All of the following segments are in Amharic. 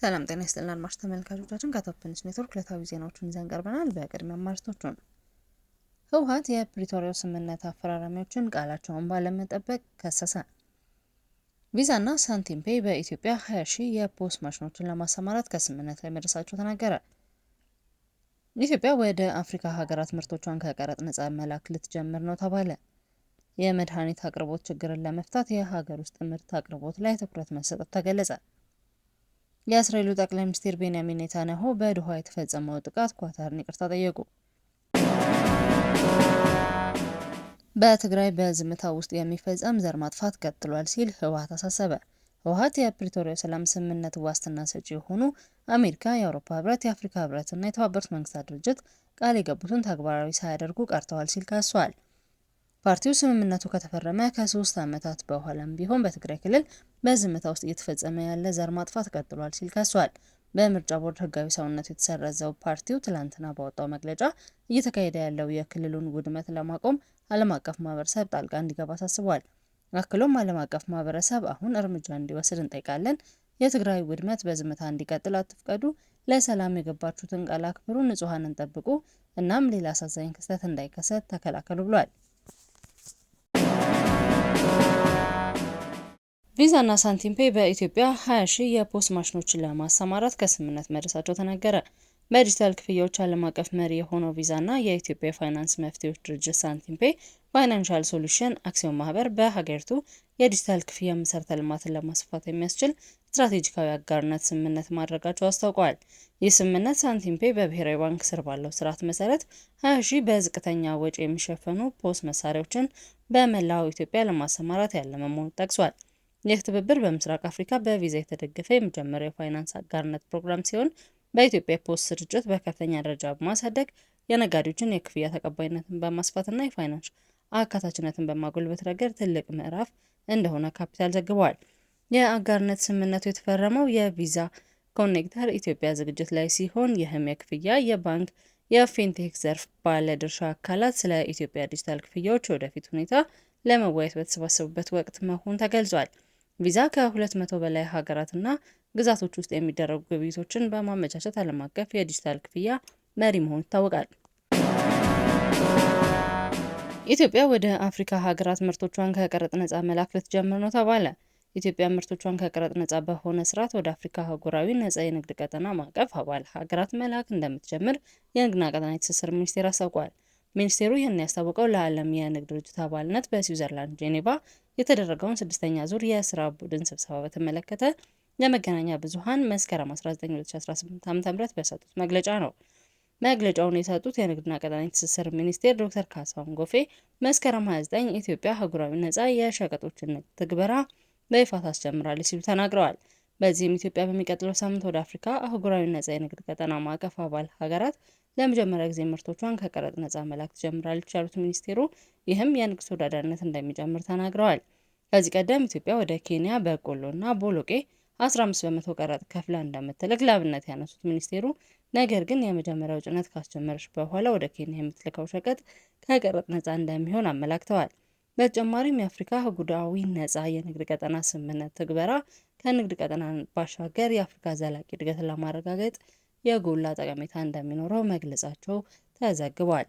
ሰላም ጤና ይስጥልን አድማጭ ተመልካቾቻችን ከቶፕንስ ኔትወርክ ዕለታዊ ዜናዎችን ይዘን ቀርበናል። በቅድሚያ አርዕስቶቹን ህወሓት የፕሪቶሪያው ስምምነት አፈራራሚዎችን ቃላቸውን ባለመጠበቅ ከሰሰ። ቪዛና ሳንቲም ፔይ በኢትዮጵያ 20 ሺህ የፖስ ማሽኖችን ለማሰማራት ከስምምነት ላይ መድረሳቸው ተናገረ። ኢትዮጵያ ወደ አፍሪካ ሀገራት ምርቶቿን ከቀረጥ ነጻ መላክ ልትጀምር ነው ተባለ። የመድኃኒት አቅርቦት ችግርን ለመፍታት የሀገር ውስጥ ምርት አቅርቦት ላይ ትኩረት መሰጠት ተገለጸ። የእስራኤሉ ጠቅላይ ሚኒስትር ቤንያሚን ኔታንያሁ በዶሃ የተፈጸመው ጥቃት ኳታርን ይቅርታ ጠየቁ። በትግራይ በዝምታ ውስጥ የሚፈጸም ዘር ማጥፋት ቀጥሏል ሲል ህወሀት አሳሰበ። ህወሀት የፕሪቶሪያው ሰላም ስምምነት ዋስትና ሰጪ የሆኑ አሜሪካ፣ የአውሮፓ ህብረት፣ የአፍሪካ ህብረት እና የተባበሩት መንግስታት ድርጅት ቃል የገቡትን ተግባራዊ ሳያደርጉ ቀርተዋል ሲል ከሷል። ፓርቲው ስምምነቱ ከተፈረመ ከሶስት ዓመታት በኋላም ቢሆን በትግራይ ክልል በዝምታ ውስጥ እየተፈጸመ ያለ ዘር ማጥፋት ቀጥሏል ሲል ከሷል። በምርጫ ቦርድ ህጋዊ ሰውነቱ የተሰረዘው ፓርቲው ትላንትና ባወጣው መግለጫ እየተካሄደ ያለው የክልሉን ውድመት ለማቆም ዓለም አቀፍ ማህበረሰብ ጣልቃ እንዲገባ አሳስቧል። አክሎም ዓለም አቀፍ ማህበረሰብ አሁን እርምጃ እንዲወስድ እንጠይቃለን። የትግራይ ውድመት በዝምታ እንዲቀጥል አትፍቀዱ። ለሰላም የገባችሁትን ቃል አክብሩ፣ ንጹሐንን ጠብቁ። እናም ሌላ አሳዛኝ ክስተት እንዳይከሰት ተከላከሉ ብሏል። ቪዛና ፔይ በኢትዮጵያ 20 ሺህ የፖስ ማሽኖችን ለማሰማራት ከስምምነት መድረሳቸው ተነገረ። በዲጂታል ክፍያዎች ዓለም አቀፍ መሪ የሆነው ቪዛና የኢትዮጵያ የፋይናንስ መፍትሄዎች ድርጅት ሳንቲምፔይ ፋይናንሻል ሶሉሽን አክሲዮን ማህበር በሀገሪቱ የዲጂታል ክፍያ መሰረተ ልማትን ለማስፋት የሚያስችል ስትራቴጂካዊ አጋርነት ስምምነት ማድረጋቸው አስታውቀዋል። ይህ ስምምነት ሳንቲምፔይ በብሔራዊ ባንክ ስር ባለው ስርዓት መሰረት 20 ሺህ በዝቅተኛ ወጪ የሚሸፈኑ ፖስ መሳሪያዎችን በመላው ኢትዮጵያ ለማሰማራት ያለመ መሆኑን ጠቅሷል። ይህ ትብብር በምስራቅ አፍሪካ በቪዛ የተደገፈ የመጀመሪያው የፋይናንስ አጋርነት ፕሮግራም ሲሆን በኢትዮጵያ ፖስት ስርጭት በከፍተኛ ደረጃ በማሳደግ የነጋዴዎችን የክፍያ ተቀባይነትን በማስፋትና የፋይናንስ አካታችነትን በማጎልበት ረገድ ትልቅ ምዕራፍ እንደሆነ ካፒታል ዘግቧል። የአጋርነት ስምምነቱ የተፈረመው የቪዛ ኮኔክተር ኢትዮጵያ ዝግጅት ላይ ሲሆን ይህም የክፍያ የባንክ የፊንቴክ ዘርፍ ባለድርሻ አካላት ስለ ኢትዮጵያ ዲጂታል ክፍያዎች ወደፊት ሁኔታ ለመወያየት በተሰባሰቡበት ወቅት መሆኑ ተገልጿል። ቪዛ ከ200 በላይ ሀገራትና ግዛቶች ውስጥ የሚደረጉ ግብይቶችን በማመቻቸት ዓለም አቀፍ የዲጂታል ክፍያ መሪ መሆኑ ይታወቃል። ኢትዮጵያ ወደ አፍሪካ ሀገራት ምርቶቿን ከቀረጥ ነጻ መላክ ልትጀምር ነው ተባለ። ኢትዮጵያ ምርቶቿን ከቀረጥ ነጻ በሆነ ስርዓት ወደ አፍሪካ አህጉራዊ ነጻ የንግድ ቀጠና ማዕቀፍ አባል ሀገራት መላክ እንደምትጀምር የንግድና ቀጣናዊ ትስስር ሚኒስቴር አስታውቋል። ሚኒስቴሩ ይህን ያስታወቀው ለዓለም የንግድ ድርጅት አባልነት በስዊዘርላንድ ጄኔቫ የተደረገውን ስድስተኛ ዙር የስራ ቡድን ስብሰባ በተመለከተ ለመገናኛ ብዙሃን መስከረም ዓ ዓ.ም በሰጡት መግለጫ ነው። መግለጫውን የሰጡት የንግድና ቀጣናዊ ትስስር ሚኒስቴር ዶክተር ካሳሁን ጎፌ መስከረም 29 ኢትዮጵያ አህጉራዊ ነጻ የሸቀጦችን ንግድ ትግበራ በይፋ ታስጀምራለች ሲሉ ተናግረዋል። በዚህም ኢትዮጵያ በሚቀጥለው ሳምንት ወደ አፍሪካ አህጉራዊ ነጻ የንግድ ቀጠና ማዕቀፍ አባል ሀገራት ለመጀመሪያ ጊዜ ምርቶቿን ከቀረጥ ነጻ መላክ ትጀምራለች ያሉት ሚኒስቴሩ ይህም የንግድ ተወዳዳሪነት እንደሚጨምር ተናግረዋል። ከዚህ ቀደም ኢትዮጵያ ወደ ኬንያ በቆሎና ቦሎቄ 15 በመቶ ቀረጥ ከፍላ እንደምትልክ ለአብነት ያነሱት ሚኒስቴሩ ነገር ግን የመጀመሪያው ጭነት ካስጀመረች በኋላ ወደ ኬንያ የምትልከው ሸቀጥ ከቀረጥ ነጻ እንደሚሆን አመላክተዋል። በተጨማሪም የአፍሪካ አህጉራዊ ነጻ የንግድ ቀጠና ስምምነት ትግበራ ከንግድ ቀጠና ባሻገር የአፍሪካ ዘላቂ እድገትን ለማረጋገጥ የጎላ ጠቀሜታ እንደሚኖረው መግለጻቸው ተዘግቧል።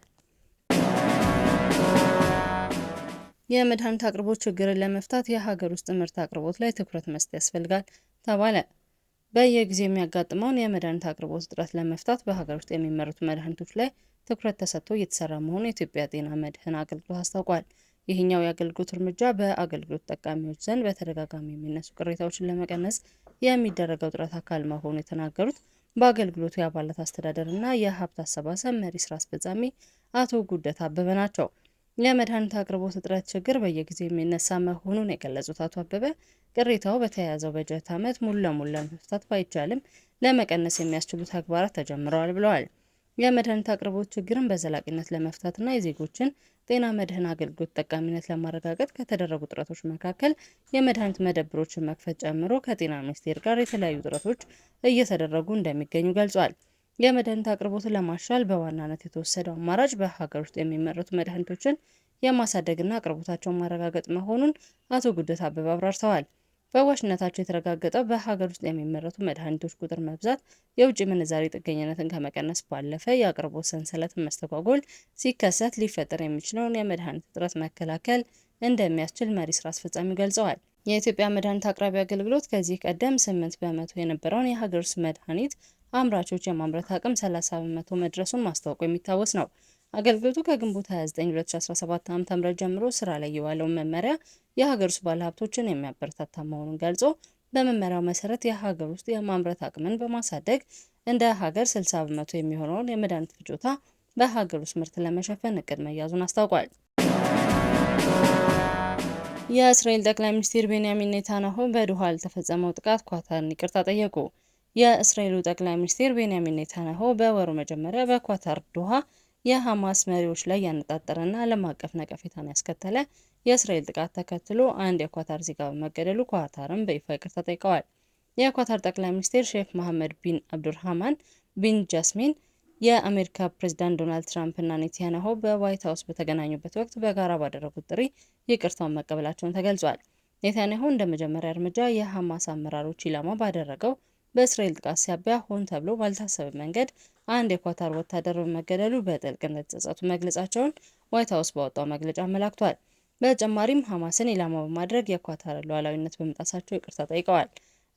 የመድኃኒት አቅርቦት ችግርን ለመፍታት የሀገር ውስጥ ምርት አቅርቦት ላይ ትኩረት መስጠት ያስፈልጋል ተባለ። በየጊዜ የሚያጋጥመውን የመድኃኒት አቅርቦት እጥረት ለመፍታት በሀገር ውስጥ የሚመረቱ መድኃኒቶች ላይ ትኩረት ተሰጥቶ እየተሰራ መሆኑ የኢትዮጵያ ጤና መድህን አገልግሎት አስታውቋል። ይህኛው የአገልግሎት እርምጃ በአገልግሎት ጠቃሚዎች ዘንድ በተደጋጋሚ የሚነሱ ቅሬታዎችን ለመቀነስ የሚደረገው ጥረት አካል መሆኑ የተናገሩት በአገልግሎቱ የአባላት አስተዳደርና የሀብት አሰባሰብ መሪ ስራ አስፈጻሚ አቶ ጉደት አበበ ናቸው። የመድኃኒት አቅርቦት እጥረት ችግር በየጊዜው የሚነሳ መሆኑን የገለጹት አቶ አበበ ቅሬታው በተያያዘው በጀት ዓመት ሙሉ ለሙሉ ለመፍታት ባይቻልም ለመቀነስ የሚያስችሉ ተግባራት ተጀምረዋል ብለዋል። የመድኃኒት አቅርቦት ችግርን በዘላቂነት ለመፍታትና የዜጎችን ጤና መድህን አገልግሎት ጠቃሚነት ለማረጋገጥ ከተደረጉ ጥረቶች መካከል የመድኃኒት መደብሮችን መክፈት ጨምሮ ከጤና ሚኒስቴር ጋር የተለያዩ ጥረቶች እየተደረጉ እንደሚገኙ ገልጿል። የመድኃኒት አቅርቦትን ለማሻል በዋናነት የተወሰደው አማራጭ በሀገር ውስጥ የሚመረቱ መድኃኒቶችን የማሳደግና አቅርቦታቸውን ማረጋገጥ መሆኑን አቶ ጉደት አበበ አብራርተዋል። ፈዋሽነታቸው የተረጋገጠው በሀገር ውስጥ የሚመረቱ መድኃኒቶች ቁጥር መብዛት የውጭ ምንዛሪ ጥገኝነትን ከመቀነስ ባለፈ የአቅርቦት ሰንሰለት መስተጓጎል ሲከሰት ሊፈጠር የሚችለውን የመድኃኒት እጥረት መከላከል እንደሚያስችል መሪ ስራ አስፈጻሚ ገልጸዋል። የኢትዮጵያ መድኃኒት አቅራቢ አገልግሎት ከዚህ ቀደም ስምንት በመቶ የነበረውን የሀገር ውስጥ መድኃኒት አምራቾች የማምረት አቅም ሰላሳ በመቶ መድረሱን ማስታወቁ የሚታወስ ነው። አገልግሎቱ ከግንቦት 29 2017 ዓ.ም ጀምሮ ስራ ላይ የዋለውን መመሪያ የሀገር ውስጥ ባለሀብቶችን የሚያበረታታ መሆኑን ገልጾ በመመሪያው መሰረት የሀገር ውስጥ የማምረት አቅምን በማሳደግ እንደ ሀገር 60 በመቶ የሚሆነውን የመድኃኒት ፍጆታ በሀገር ውስጥ ምርት ለመሸፈን እቅድ መያዙን አስታውቋል። የእስራኤል ጠቅላይ ሚኒስትር ቤንያሚን ኔታንያሁ በዶሃ ለተፈጸመው ጥቃት ኳታርን ይቅርታ ጠየቁ። የእስራኤሉ ጠቅላይ ሚኒስትር ቤንያሚን ኔታንያሁ በወሩ መጀመሪያ በኳታር ዶሃ የሐማስ መሪዎች ላይ ያነጣጠረና ዓለም አቀፍ ነቀፌታን ያስከተለ የእስራኤል ጥቃት ተከትሎ አንድ የኳታር ዜጋ በመገደሉ ኳታርም በይፋ ይቅርታ ጠይቀዋል። የኳታር ጠቅላይ ሚኒስትር ሼክ መሐመድ ቢን አብዱርሃማን ቢን ጃስሚን የአሜሪካ ፕሬዝዳንት ዶናልድ እና ኔታንያሁ በዋይት ሀውስ በተገናኙበት ወቅት በጋራ ባደረጉት ጥሪ ይቅርታውን መቀበላቸውን ተገልጿል። ኔታንያሁ እንደ መጀመሪያ እርምጃ የሐማስ አመራሮች ኢላማ ባደረገው በእስራኤል ጥቃት ሲያቢያ ሆን ተብሎ ባልታሰበ መንገድ አንድ የኳታር ወታደር በመገደሉ በጥልቅ እንደተጸጸቱ መግለጻቸውን ዋይት ሀውስ ባወጣው መግለጫ አመላክቷል። በተጨማሪም ሐማስን ኢላማ በማድረግ የኳታር ሉዓላዊነት በመጣሳቸው ይቅርታ ጠይቀዋል።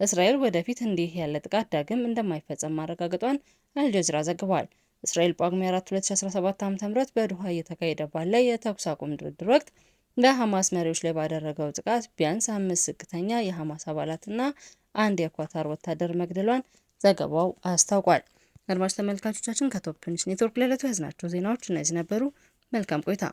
እስራኤል ወደፊት እንዲህ ያለ ጥቃት ዳግም እንደማይፈጸም ማረጋገጧን አልጀዚራ ዘግቧል። እስራኤል ጳጉሜ 4 2017 ዓ.ም በዱሃ እየተካሄደ ባለ የተኩስ አቁም ድርድር ወቅት በሐማስ መሪዎች ላይ ባደረገው ጥቃት ቢያንስ አምስት ዝቅተኛ የሐማስ አባላትና አንድ የኳታር ወታደር መግደሏን ዘገባው አስታውቋል። አድማጭ ተመልካቾቻችን ከቶፕ ትንሽ ኔትወርክ ለዕለቱ ያዝናቸው ዜናዎች እነዚህ ነበሩ። መልካም ቆይታ